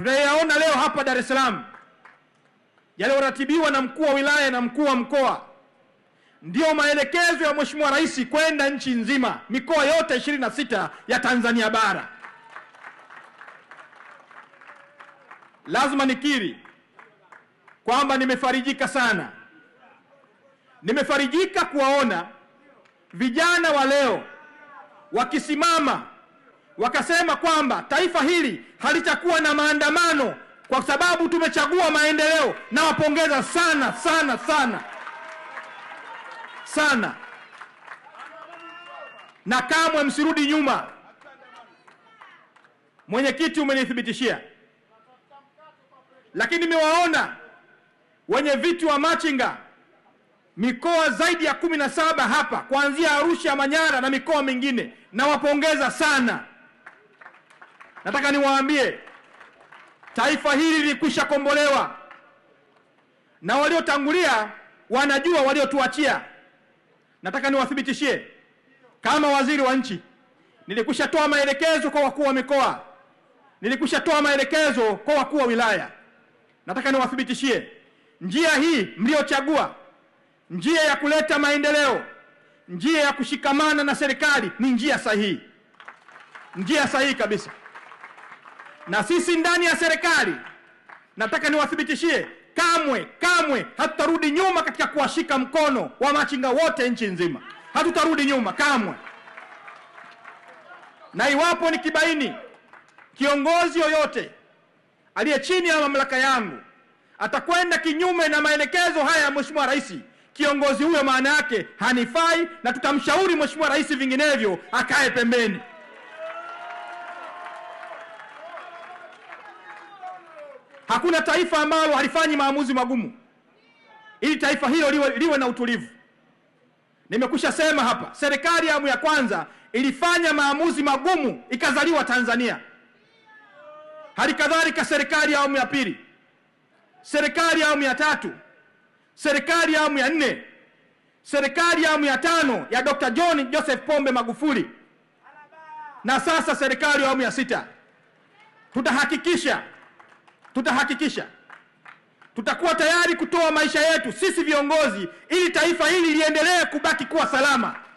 tunayoyaona leo hapa Dar es Salaam yaliyoratibiwa na mkuu wa wilaya na mkuu wa mkoa ndiyo maelekezo ya Mheshimiwa Rais kwenda nchi nzima, mikoa yote 26 ya Tanzania bara. Lazima nikiri kwamba nimefarijika sana, nimefarijika kuwaona vijana wa leo wakisimama wakasema kwamba taifa hili halitakuwa na maandamano kwa sababu tumechagua maendeleo. Nawapongeza sana sana sana sana, na kamwe msirudi nyuma. Mwenyekiti, umenithibitishia, lakini nimewaona wenye viti wa machinga mikoa zaidi ya kumi na saba hapa kuanzia Arusha, Manyara na mikoa mingine. Nawapongeza sana. Nataka niwaambie taifa hili lilikwisha kombolewa, na waliotangulia wanajua waliotuachia. Nataka niwathibitishie, kama waziri wa nchi nilikwisha toa maelekezo kwa wakuu wa mikoa, nilikwisha toa maelekezo kwa wakuu wa wilaya. Nataka niwathibitishie njia hii mliochagua, njia ya kuleta maendeleo, njia ya kushikamana na serikali ni njia sahihi, njia sahihi kabisa na sisi ndani ya serikali, nataka niwathibitishie, kamwe kamwe hatutarudi nyuma katika kuwashika mkono wa machinga wote nchi nzima. Hatutarudi nyuma kamwe, na iwapo nikibaini kiongozi yoyote aliye chini ya mamlaka yangu atakwenda kinyume na maelekezo haya ya Mheshimiwa Rais, kiongozi huyo maana yake hanifai, na tutamshauri Mheshimiwa Rais, vinginevyo akae pembeni. Hakuna taifa ambalo halifanyi maamuzi magumu ili taifa hilo liwe, liwe na utulivu. Nimekwisha sema hapa, serikali ya awamu ya kwanza ilifanya maamuzi magumu ikazaliwa Tanzania. Hali kadhalika serikali ya awamu ya pili, serikali ya awamu ya tatu, serikali ya awamu ya nne, serikali ya awamu ya tano ya Dr. John Joseph Pombe Magufuli na sasa serikali ya awamu ya sita tutahakikisha tutahakikisha tutakuwa tayari kutoa maisha yetu sisi viongozi, ili taifa hili liendelee kubaki kuwa salama.